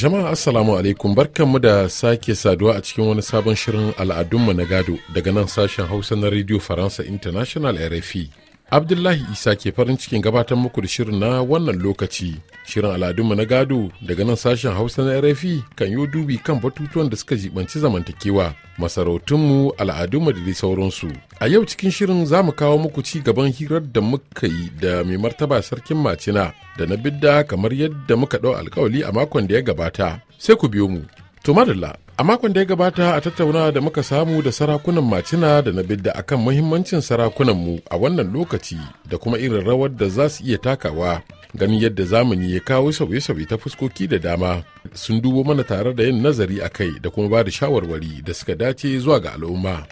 Jama'a Assalamu alaikum mu da sake saduwa a cikin wani sabon shirin al'adunmu na gado daga nan sashen Hausa na Radio Faransa International RFI. Abdullahi Isa ke farin cikin gabatar muku da shirin na wannan lokaci. Shirin aladunmu na gado daga nan sashen Hausa na RFI kan yi dubi kan batutuwan da suka jibanci zamantakewa, masarautunmu, al'adunmu da dai sauransu. A yau cikin shirin za mu kawo muku ci gaban hirar da muka yi da mai martaba sarkin Macina da na bidda kamar yadda muka ɗau alkawali a makon da ya gabata. Sai ku biyo mu. To madalla, a makon da ya gabata a tattauna da muka samu da sarakunan macina da na bidda akan muhimmancin sarakunanmu a wannan lokaci da kuma irin rawar da za su iya takawa. Ganin yadda zamani ya kawo sauye-sauye ta fuskoki da dama sun dubo mana tare da yin nazari a kai da kuma ba da shawarwari da suka dace zuwa ga al'umma.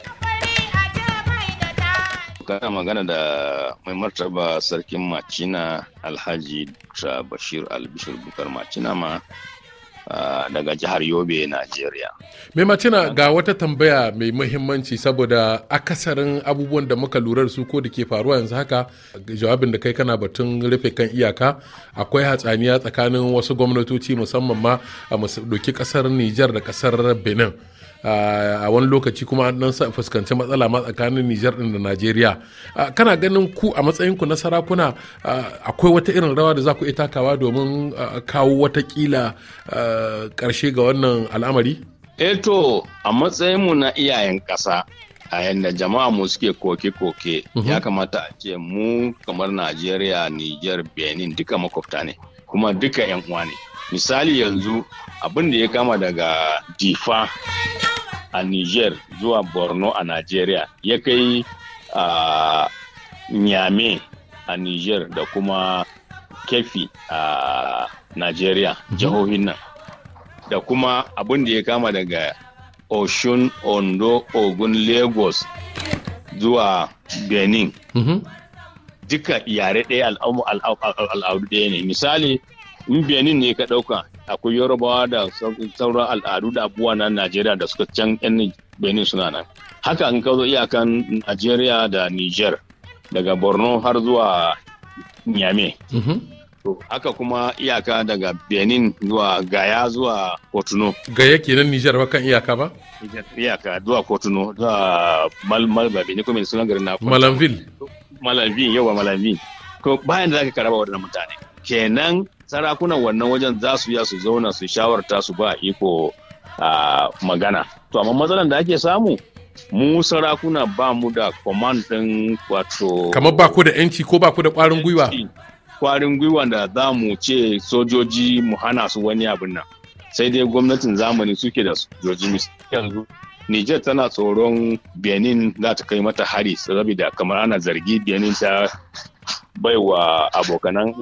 kana magana da mai martaba sarkin macina alhaji bashir albishir bukar macina ma Ah, daga jihar Yobe, Najeriya. Mai macina ga wata tambaya mai muhimmanci saboda akasarin abubuwan da muka lura da su ko da ke faruwa yanzu haka jawabin da kai kana batun rufe kan iyaka akwai hatsaniya tsakanin wasu gwamnatoci musamman ma a doki kasar Nijar da kasar Benin. a wani lokaci kuma nan fuskanci matsala ma tsakanin Nijar din da Najeriya kana ganin ku a matsayin ku na sarakuna akwai wata irin rawa da za ku iya takawa domin kawo wata watakila karshe ga wannan al'amari eto eh a matsayinmu na iyayen ƙasa a yadda jama'a mu suke koke-koke mhm. ya kamata a ce mu kamar najeriya nijar benin duka makwabta ne kuma duka yan uwa ne misali yanzu abin da ya kama daga difa a Niger zuwa Borno a Najeriya ya kai a Nyame a Niger da kuma Kefi a Najeriya mhm. jihohin nan da kuma abin da ya kama daga Oshun Ondo Ogun Lagos zuwa Benin. Mhm. Duka yare ɗaya al'adu ɗaya ne. Misali, in Benin ne ka ɗauka akwai yorubawa da sauran al'adu da abubuwa na najeriya da suka can yan benin suna nan haka in kawo iyakan najeriya da niger daga borno har zuwa nyame mm-hmm. haka kuma iyaka daga benin zuwa gaya zuwa kotuno gaya kenan niger ba kan iyaka ba iyaka zuwa kotuno zuwa malmal ba benin kuma sunan garin na malanville yau yawa malanville ko bayan da zaka karaba waɗannan mutane kenan sarakunan wannan wajen za su ya su zauna su shawarta su ba iko a magana to amma matsalan da ake samu mu sarakuna ba mu da command ɗin wato kamar ba ku da yanci ko ba ku da kwarin gwiwa kwarin gwiwa da za mu ce sojoji mu hana su wani abin nan sai dai gwamnatin zamani suke da sojoji yanzu Nijar tana tsoron Benin za ta kai mata hari saboda kamar ana zargi Benin ta baiwa abokanan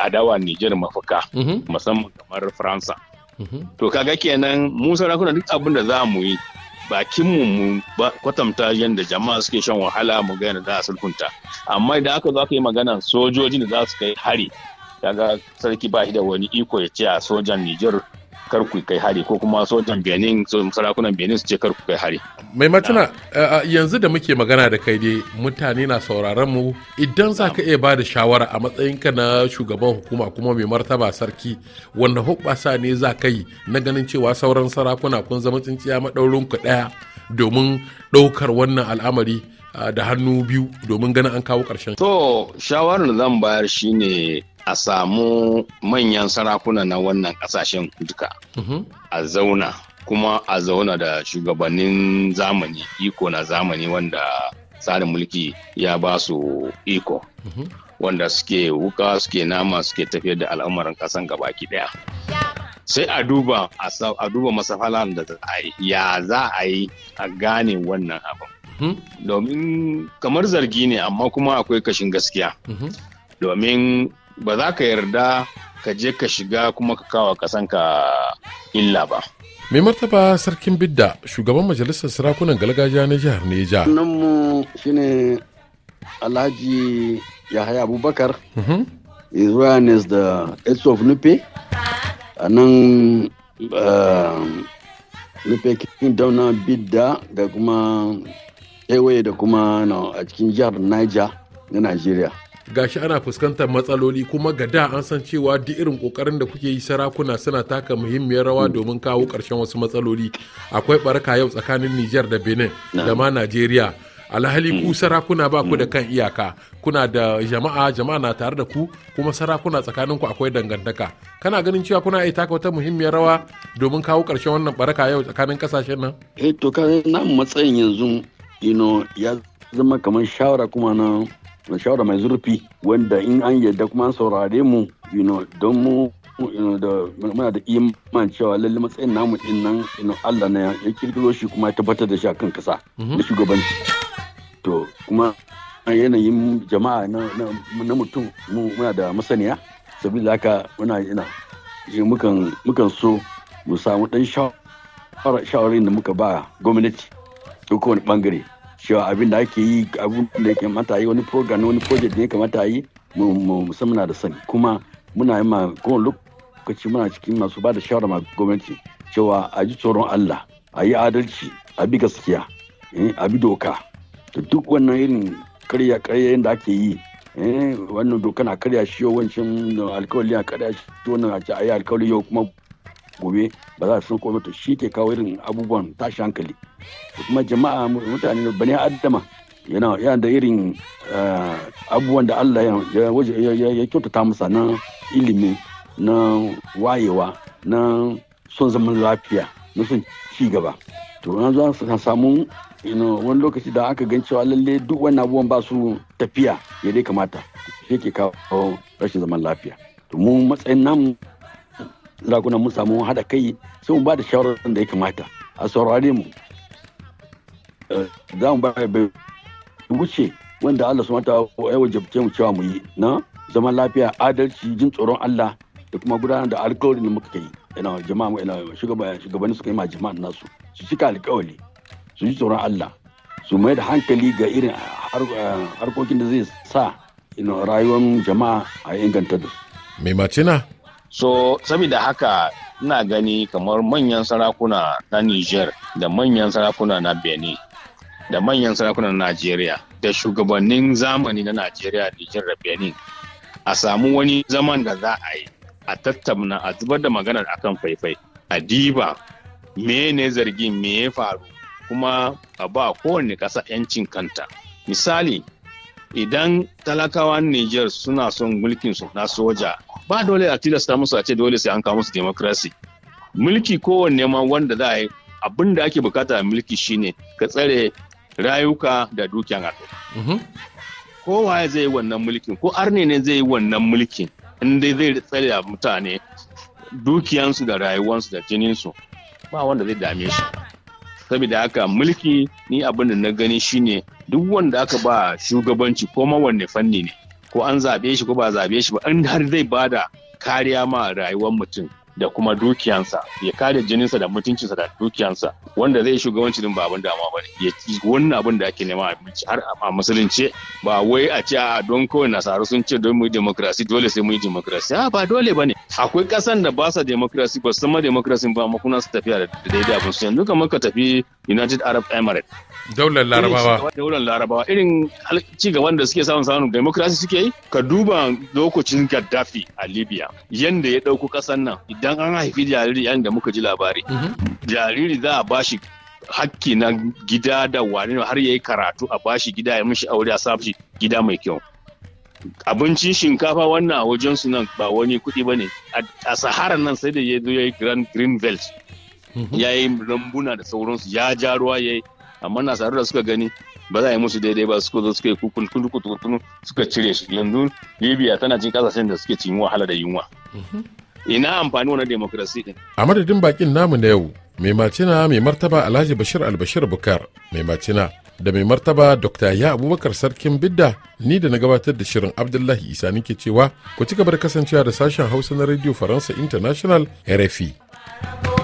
adawa Nijar mafaka mhm. musamman kamar Faransa. Mhm. To kaga kenan mu sarakuna duk abin da za mu yi bakin mu mu kwatanta yadda jama'a suke shan wahala mu ga yadda za a sulhunta amma idan aka zo aka yi magana sojojin da za su kai hari kaga sarki ba shi da wani iko ya ce a sojan Nijar kar ku kai hari ko kuma sojan benin sarakunan benin su ce kar ku kai hari mai matuna yanzu da muke magana da kai dai mutane na sauraron mu idan za ka iya ba da shawara a matsayinka na shugaban hukuma kuma mai martaba sarki wanda hoɓɓasa ne za ka yi na ganin cewa sauran sarakuna kun zama tsintsiya maɗaurin ku ɗaya domin ɗaukar wannan al'amari da hannu biyu domin ganin an kawo ƙarshen. to shawarar da zan bayar shine a samu manyan sarakuna na wannan kasashen duka mhm. a zauna kuma a zauna da shugabannin zamani iko na zamani wanda tsarin mulki ya ba su iko mhm. wanda suke wuka suke nama suke tafiyar da al'amuran kasan gabaki daya sai a duba a duba masafalan da za a yi ya za a yi a gane wannan abin mhm. domin kamar zargi ne amma kuma akwai kashin gaskiya domin ba za ka yarda ka je ka shiga kuma ka kawa kasanka illa ba. mai martaba sarkin bidda shugaban majalisar sarakunan gargajiya na jihar neja nan mu shine alhaji yahaya abubakar israelis da aids of Nupe. a nan um, Nupe kingdom na bidda da kuma Ewe da kuma a cikin jihar niger na nigeria gashi ana fuskantar matsaloli kuma ga da an san cewa duk irin kokarin da kuke yi sarakuna suna taka muhimmiyar rawa hmm. domin kawo ƙarshen wasu matsaloli akwai baraka yau tsakanin Nijar da Benin da ma Najeriya alhali ku hmm. sarakuna ba ku da hmm. kan iyaka kuna da jama'a jama'a na tare da ku kuma sarakuna tsakanin ku akwai dangantaka kana ganin cewa kuna iya taka wata muhimmiyar rawa domin kawo ƙarshen wannan baraka yau tsakanin kasashen nan eh to kan nan matsayin yanzu you know ya zama kamar shawara kuma na shawara mai zurfi wanda in an yadda kuma an saurare mu don mu muna da iman cewa lalle matsayin namu din nan Allah na ya kirkiro shi kuma ya tabbatar da shi kan kasa mhm. na shugabanci to kuma yanayin jama'a na mutum muna da masaniya da haka muna ina eh, mukan so mu samu dan shawarar da muka ba gwamnati ko kowane bangare cewa abin da ake yi abin da ya kamata yi wani program wani project ne kamata yi musamman da sani kuma muna yi ma kowane lokaci muna cikin masu ba da shawara ma gwamnati cewa a ji tsoron Allah a yi adalci a bi gaskiya eh, a bi doka da duk wannan irin karya karya da ake yi eh, wannan doka na karya shi yau wancan alkawali a karya shi wannan a yi alkawali yau kuma gobe ba za su san komai to shi ke kawo irin abubuwan tashi hankali kuma jama'a mutane bani adama yana yana da irin eh, abubuwan da Allah ya kyautata musa na ilimi na wayewa na son zaman lafiya na son ci gaba to na za su samu wani lokaci da aka gan cewa lalle duk wannan abubuwan ba su tafiya ya dai kamata shi ke kawo rashin zaman lafiya to mu matsayin namu za kuna mun samu hada kai sai mu ba da shawarar da ya kamata a saurare mu za mu ba bai wuce wanda Allah su mata ya wajabce mu cewa mu yi na zaman lafiya adalci jin tsoron Allah da kuma gudanar da alkawarin da muka yi ina jama'a mu ina shugabanni suka yi ma jama'an nasu su cika alkawari su ji tsoron Allah su mai da hankali ga irin harkokin da zai sa rayuwar jama'a a inganta da su. Mai macina? So, saboda haka ina gani kamar manyan sarakuna na Niger da manyan sarakuna na Benin da manyan sarakuna na Najeriya da shugabannin zamani na Najeriya Niger da Benin a samu wani zaman da za a yi a tattauna a zubar da maganar akan faifai a diba mene zargin me ya faru kuma a ba kowane ƙasa 'yancin kanta misali idan talakawan Nijar suna son mulkin su na soja ba dole a tilasta musu a ce dole sai an kawo musu demokrasi mulki kowanne ma wanda za a yi abin da ake bukata a mulki shine ka tsare rayuka da dukiyan al'umma mhm. kowa zai yi wannan mulkin ko arne ne zai yi wannan mulkin inda zai tsare mutane dukiyansu da rayuwansu da jininsu ba wanda zai dame shi saboda haka mulki ni abin da na gani shine duk wanda aka ba shugabanci ko ma wanne fanni ne ko an zaɓe shi ko ba zaɓe shi ba in har zai bada kariya ma rayuwar mutum da kuma dukiyansa ya kare jininsa da mutuncinsa da dukiyansa wanda zai shugabanci din ba abin damuwa ba ya ci wannan abin da ake nema abinci har a musulunce ba wai a ce a don kawai nasaru sun ce don mu yi demokrasi dole sai mu yi demokrasi a ba dole ba ne akwai kasan da ba sa demokrasi ba sama demokrasi ba amma kuna su tafiya da daidai abin su yanzu kamar ka tafi United Arab Emirates daular larabawa daular larabawa irin ci gaban da suke samun samun demokrasi suke yi ka duba lokacin Gaddafi a Libya yanda ya dauko kasan nan idan an haifi jariri yan da muka ji labari mhm. jariri za a bashi hakki na gida da wani har ya yi karatu a bashi gida ya mishi aure a sa gida mai kyau abincin shinkafa wannan a wajen su nan ba wani kuɗi ba ne a sahara nan sai da ya zo ya yi green belt mhm. ya yi rambuna da sauransu ya ja ruwa ya yi amma na da suka gani ba za a yi musu daidai ba suka zo suka yi suka cire shi yanzu libya tana cin kasashen da suke cin wahala da yunwa mhm. ina amfani wani demokrasi din a madadin bakin namu na yau mai macina mai martaba alhaji bashir albashir bukar mai macina da mai martaba dr ya abubakar sarkin bidda ni da na gabatar da shirin abdullahi isa nike cewa ku ci gaba da kasancewa da sashen hausa na radio faransa international rfi